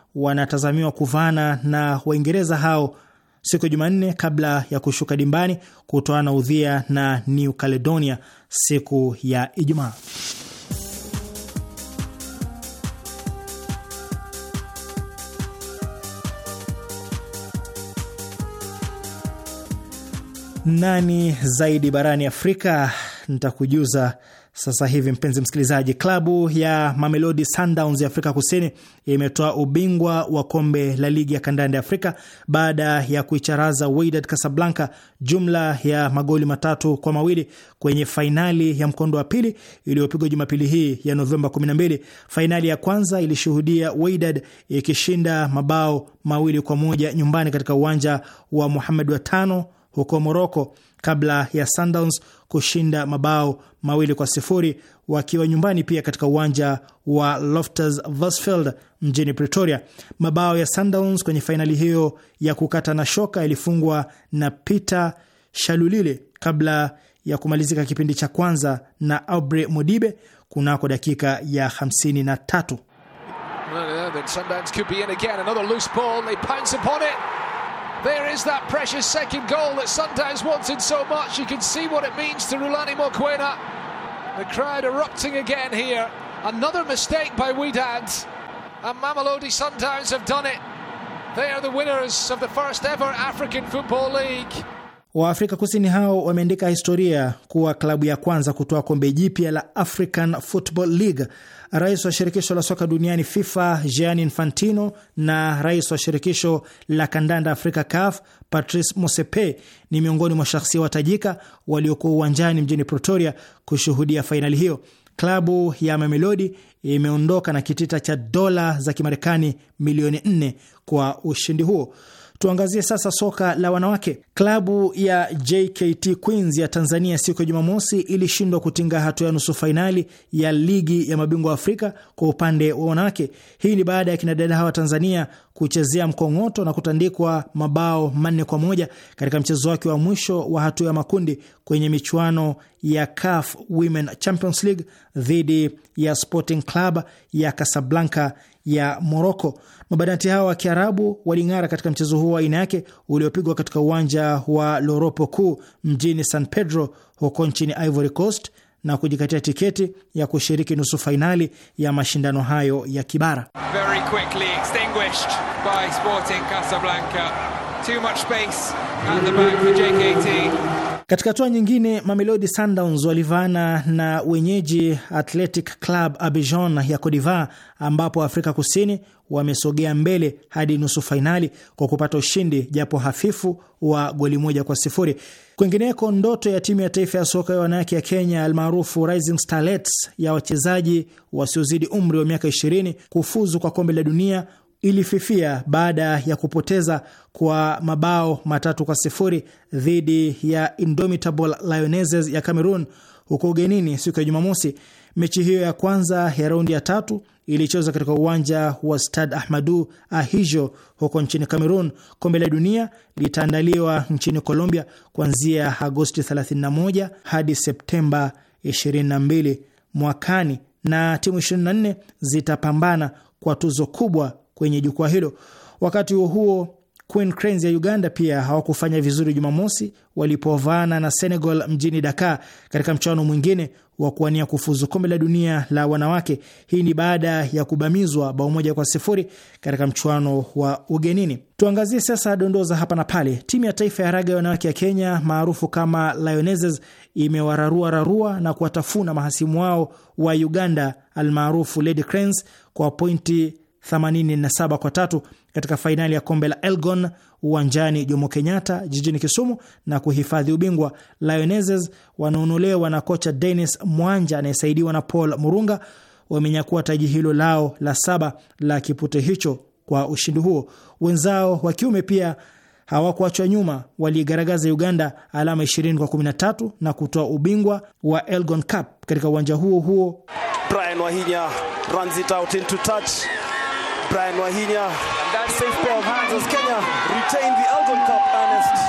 wanatazamiwa kuvana na Waingereza hao siku ya Jumanne kabla ya kushuka dimbani kutoana udhia na New Caledonia siku ya Ijumaa. Nani zaidi barani Afrika nitakujuza sasa hivi mpenzi msikilizaji, klabu ya Mamelodi Sundowns ya Afrika Kusini imetoa ubingwa wa kombe la ligi ya kandanda ya Afrika baada ya kuicharaza Wydad Casablanca jumla ya magoli matatu kwa mawili kwenye fainali ya mkondo wa pili iliyopigwa Jumapili hii ya Novemba 12. Fainali ya kwanza ilishuhudia Wydad ikishinda mabao mawili kwa moja nyumbani katika uwanja wa Muhamed wa tano huko Moroko kabla ya Sundowns kushinda mabao mawili kwa sifuri wakiwa nyumbani pia katika uwanja wa Loftus Versfeld mjini Pretoria. Mabao ya Sundowns kwenye fainali hiyo ya kukata na shoka yalifungwa na Peter Shalulile kabla ya kumalizika kipindi cha kwanza na Aubrey Modibe kunako dakika ya 53. There is that precious second goal that Sundowns wanted so much. You can see what it means to Rulani Mokwena. The crowd erupting again here. Another mistake by Widad. And Mamelodi Sundowns have done it. They are the winners of the first ever African Football League. Waafrika Kusini hao wameandika historia kuwa klabu ya kwanza kutoa kombe jipya la African Football League rais wa shirikisho la soka duniani FIFA Gianni Infantino na rais wa shirikisho la kandanda Afrika CAF Patrice Motsepe ni miongoni mwa shahsia watajika waliokuwa uwanjani mjini Pretoria kushuhudia fainali hiyo. Klabu ya Mamelodi imeondoka na kitita cha dola za Kimarekani milioni 4 kwa ushindi huo. Tuangazie sasa soka la wanawake. Klabu ya JKT Queens ya Tanzania siku ya Jumamosi ilishindwa kutinga hatua ya nusu fainali ya ligi ya mabingwa Afrika kwa upande wa wanawake. Hii ni baada ya kinadada hawa Tanzania kuchezea mkong'oto na kutandikwa mabao manne kwa moja katika mchezo wake wa mwisho wa hatua ya makundi kwenye michuano ya CAF Women Champions League dhidi ya Sporting Club ya Casablanca ya Moroko. Mabanati hao wa Kiarabu waling'ara katika mchezo huo wa aina yake uliopigwa katika uwanja wa Loropo kuu mjini San Pedro huko nchini Ivory Coast na kujikatia tiketi ya kushiriki nusu fainali ya mashindano hayo ya kibara. Very quickly extinguished by Sporting Casablanca. Too much space at the back for JKT. Katika hatua nyingine, Mamelodi Sundowns walivaana na wenyeji Athletic Club Abidjan ya Cote d'Ivoire, ambapo Afrika Kusini wamesogea mbele hadi nusu fainali kwa kupata ushindi japo hafifu wa goli moja kwa sifuri. Kwingineko, ndoto ya timu ya taifa ya soka ya wanawake ya Kenya almaarufu Rising Starlets ya wachezaji wasiozidi umri wa miaka 20 kufuzu kwa kombe la dunia ilififia baada ya kupoteza kwa mabao matatu kwa sifuri dhidi ya Indomitable Lionesses ya Cameroon huko ugenini siku ya Jumamosi. Mechi hiyo ya kwanza ya raundi ya tatu ilichezwa katika uwanja wa Stade Ahmadu Ahijo huko nchini Cameroon. Kombe la Dunia litaandaliwa nchini Colombia kuanzia Agosti 31 hadi Septemba 22 mwakani, na timu 24 zitapambana kwa tuzo kubwa kwenye jukwaa hilo. Wakati huo huo, Queen Cranes ya Uganda pia hawakufanya vizuri Jumamosi walipovaana na Senegal mjini Dakar katika mchuano mwingine wa kuwania kufuzu kombe la dunia la wanawake. Hii ni baada ya kubamizwa bao moja kwa sifuri katika mchuano wa ugenini. Tuangazie sasa dondoo za hapa na pale. Timu ya taifa ya raga ya wanawake ya Kenya maarufu kama Lionesses imewararua rarua na kuwatafuna mahasimu wao wa Uganda almaarufu Lady Cranes kwa pointi 87 kwa tatu katika fainali ya kombe la Elgon uwanjani Jomo Kenyatta jijini Kisumu na kuhifadhi ubingwa. Lionesses wanaonolewa na kocha Dennis Mwanja anayesaidiwa na Paul Murunga wamenyakua taji hilo lao la saba la kipute hicho kwa ushindi huo. Wenzao wa kiume pia hawakuachwa nyuma, waliigaragaza Uganda alama 20 kwa 13 na kutoa ubingwa wa Elgon Cup katika uwanja huo huo. Brian Wahinya runs it out into touch. Brian Wahinya, safe pair of hands as Kenya retain the Elgon Cup Ernest.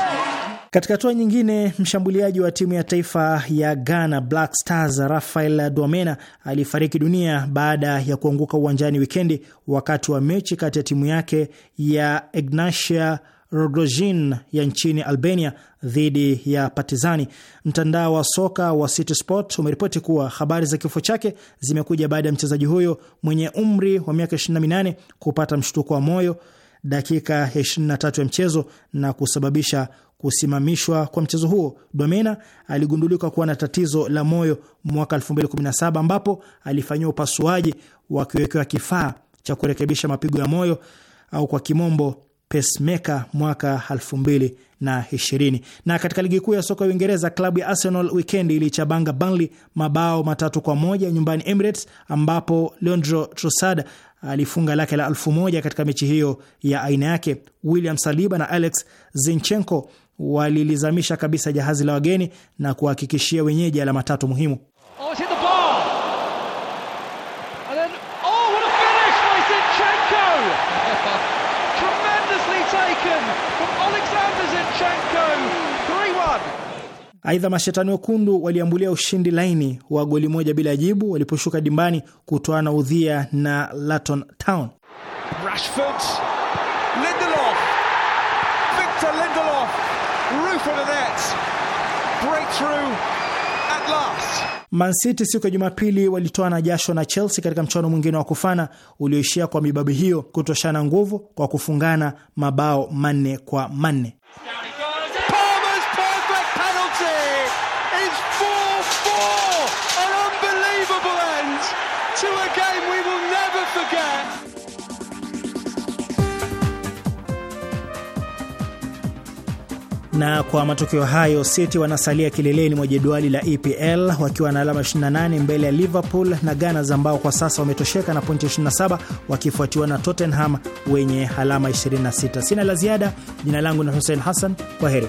Katika hatua nyingine, mshambuliaji wa timu ya taifa ya Ghana Black Stars Rafael Duamena alifariki dunia baada ya kuanguka uwanjani wikendi wakati wa mechi kati ya timu yake ya Ignatia Rogozin ya nchini Albania dhidi ya Partizani. Mtandao wa soka wa City Sport umeripoti kuwa habari za kifo chake zimekuja baada ya mchezaji huyo mwenye umri wa miaka 28 kupata mshtuko wa moyo dakika ya 23 ya mchezo na kusababisha kusimamishwa kwa mchezo huo. Domena aligundulika kuwa na tatizo la moyo mwaka 2017 ambapo alifanyiwa upasuaji wa kiwekewa kifaa cha kurekebisha mapigo ya moyo au kwa kimombo pacemaker mwaka 2020. Na katika ligi kuu ya soka ya Uingereza, klabu ya Arsenal wikendi ilichabanga Burnley mabao matatu kwa moja nyumbani Emirates, ambapo Leandro Trossard alifunga lake la elfu moja katika mechi hiyo ya aina yake. William Saliba na Alex Zinchenko walilizamisha kabisa jahazi la wageni na kuhakikishia wenyeji alama tatu muhimu. Oh, Aidha, mashetani wekundu waliambulia ushindi laini wa goli moja bila jibu waliposhuka dimbani kutoana udhia na Luton Town. Rashford, Lindelof, Victor Lindelof, roof of the net, breakthrough at last. Man City siku ya Jumapili walitoa na jasho na Chelsea katika mchuano mwingine wa kufana ulioishia kwa mibabi hiyo kutoshana nguvu kwa kufungana mabao manne kwa manne. na kwa matokeo hayo City wanasalia kileleni mwa jedwali la EPL wakiwa na alama 28 mbele ya Liverpool na Gunners ambao kwa sasa wametosheka na pointi 27 wakifuatiwa na Tottenham wenye alama 26. Sina la ziada. Jina langu ni Hussein Hassan, kwa heri.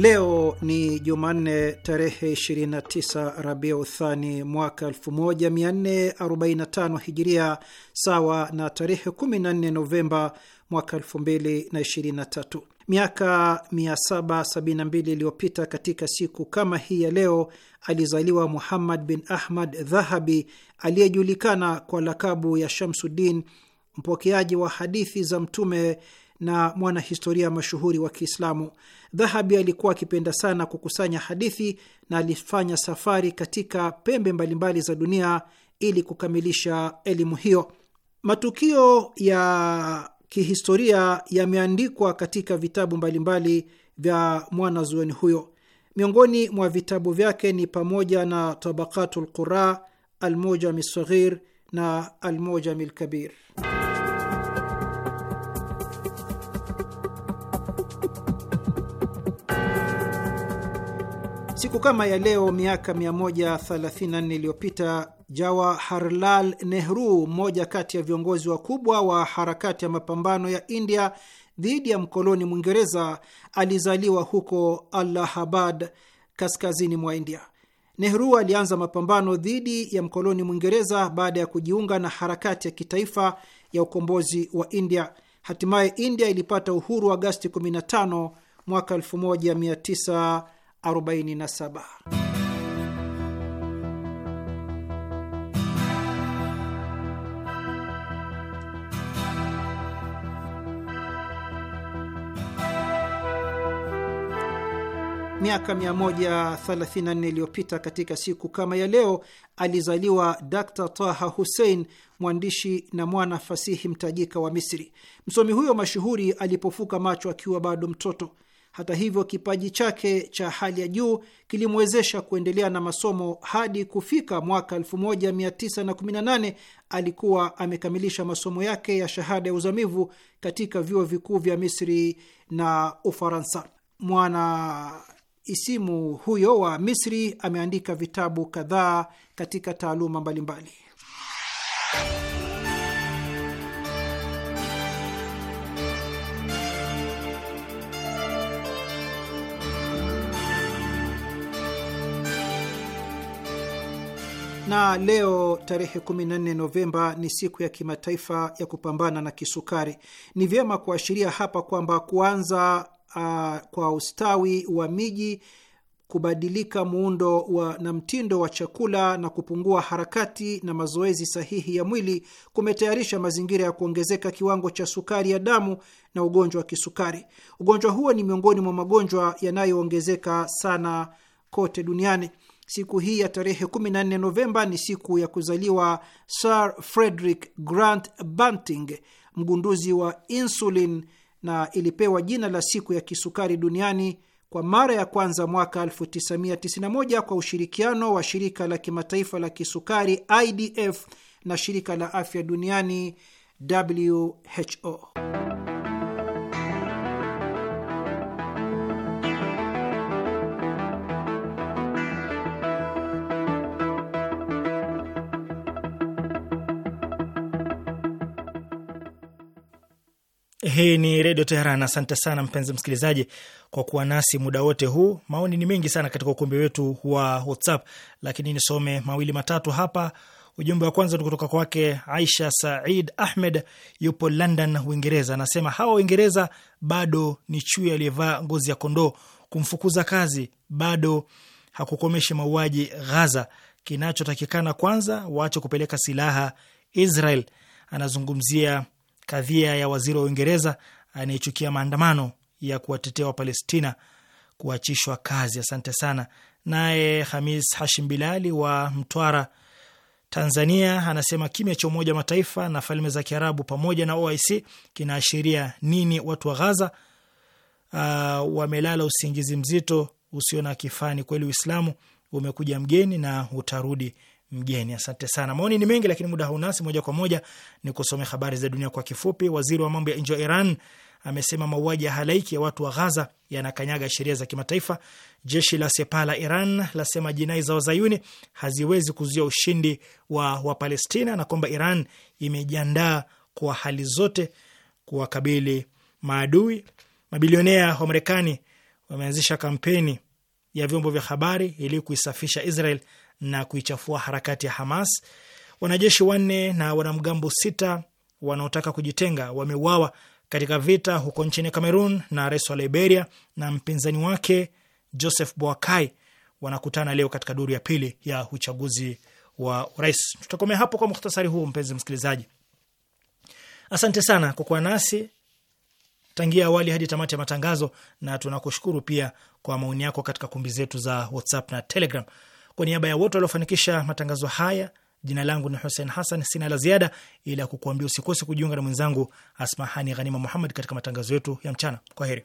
Leo ni Jumanne tarehe 29 Rabiu Thani mwaka 1445 Hijiria, sawa na tarehe 14 Novemba mwaka 2023. Miaka 772 iliyopita katika siku kama hii ya leo alizaliwa Muhammad bin Ahmad Dhahabi aliyejulikana kwa lakabu ya Shamsuddin, mpokeaji wa hadithi za Mtume na mwanahistoria mashuhuri wa Kiislamu. Dhahabi alikuwa akipenda sana kukusanya hadithi na alifanya safari katika pembe mbalimbali za dunia ili kukamilisha elimu hiyo. Matukio ya kihistoria yameandikwa katika vitabu mbalimbali vya mwanazuoni huyo. Miongoni mwa vitabu vyake ni pamoja na Tabakatu lqura, Almujami lsaghir na Almujami lkabir. Siku kama ya leo miaka 134 iliyopita Jawaharlal Nehru, mmoja kati ya viongozi wakubwa wa harakati ya mapambano ya India dhidi ya mkoloni Mwingereza, alizaliwa huko Allahabad, kaskazini mwa India. Nehru alianza mapambano dhidi ya mkoloni Mwingereza baada ya kujiunga na harakati ya kitaifa ya ukombozi wa India. Hatimaye India ilipata uhuru Agasti 15 mwaka 19 47. Miaka 134 iliyopita katika siku kama ya leo alizaliwa Dr. Taha Hussein, mwandishi na mwana fasihi mtajika wa Misri. Msomi huyo mashuhuri alipofuka macho akiwa bado mtoto hata hivyo, kipaji chake cha hali ya juu kilimwezesha kuendelea na masomo hadi kufika mwaka 1918 alikuwa amekamilisha masomo yake ya shahada ya uzamivu katika vyuo vikuu vya Misri na Ufaransa. Mwana isimu huyo wa Misri ameandika vitabu kadhaa katika taaluma mbalimbali. na leo tarehe 14 Novemba ni siku ya kimataifa ya kupambana na kisukari. Ni vyema kuashiria hapa kwamba kuanza uh, kwa ustawi wa miji, kubadilika muundo wa, na mtindo wa chakula na kupungua harakati na mazoezi sahihi ya mwili kumetayarisha mazingira ya kuongezeka kiwango cha sukari ya damu na ugonjwa wa kisukari. Ugonjwa huo ni miongoni mwa magonjwa yanayoongezeka sana kote duniani. Siku hii ya tarehe 14 Novemba ni siku ya kuzaliwa Sir Frederick Grant Banting, mgunduzi wa insulin, na ilipewa jina la siku ya kisukari duniani kwa mara ya kwanza mwaka 1991 kwa ushirikiano wa shirika la kimataifa la kisukari IDF na shirika la afya duniani WHO. Hii ni Redio Teheran. Asante sana mpenzi msikilizaji kwa kuwa nasi muda wote huu. Maoni ni mengi sana katika ukumbi wetu wa WhatsApp, lakini nisome mawili matatu hapa. Ujumbe wa kwanza ni kutoka kwake Aisha Said Ahmed, yupo London, Uingereza. Anasema hawa Uingereza bado ni chui aliyevaa ngozi ya kondoo, kumfukuza kazi bado hakukomeshi mauaji Ghaza. Kinachotakikana kwanza waache kupeleka silaha Israel. Anazungumzia kadhia ya waziri wa Uingereza anayechukia maandamano ya kuwatetea Wapalestina kuachishwa kazi. Asante sana. Naye Hamis Hashim Bilali wa Mtwara, Tanzania, anasema kimya cha Umoja Mataifa na Falme za Kiarabu pamoja na OIC kinaashiria nini? Watu wa Ghaza uh, wamelala usingizi mzito usio na kifani kweli. Uislamu umekuja mgeni na utarudi mgeni. Asante sana. Maoni ni mengi, lakini muda haunasi. Moja kwa moja ni kusomea habari za dunia kwa kifupi. Waziri wa mambo ya nje wa Iran amesema mauaji ya halaiki ya watu wa Ghaza yanakanyaga sheria za kimataifa. Jeshi la Sepa la Iran lasema jinai za wazayuni haziwezi kuzuia ushindi wa Wapalestina na kwamba Iran imejiandaa kwa hali zote kuwakabili maadui. Mabilionea wa Marekani wameanzisha kampeni ya vyombo vya habari ili kuisafisha Israel na kuichafua harakati ya Hamas. Wanajeshi wanne na wanamgambo sita wanaotaka kujitenga wameuawa katika vita huko nchini Cameroon, na rais wa Liberia na mpinzani wake Joseph Boakai wanakutana leo katika duru ya pili ya uchaguzi wa urais. Tutakomea hapo kwa muhtasari huu, mpenzi msikilizaji. Asante sana kwa kuwa nasi tangia awali hadi tamati ya matangazo, na tunakushukuru pia kwa maoni yako katika kumbi zetu za WhatsApp na Telegram. Kwa niaba ya wote waliofanikisha matangazo haya, jina langu ni Hussein Hassan. Sina la ziada ila kukuambia usikose kujiunga na mwenzangu Asmahani Ghanima Muhammad katika matangazo yetu ya mchana. Kwa heri.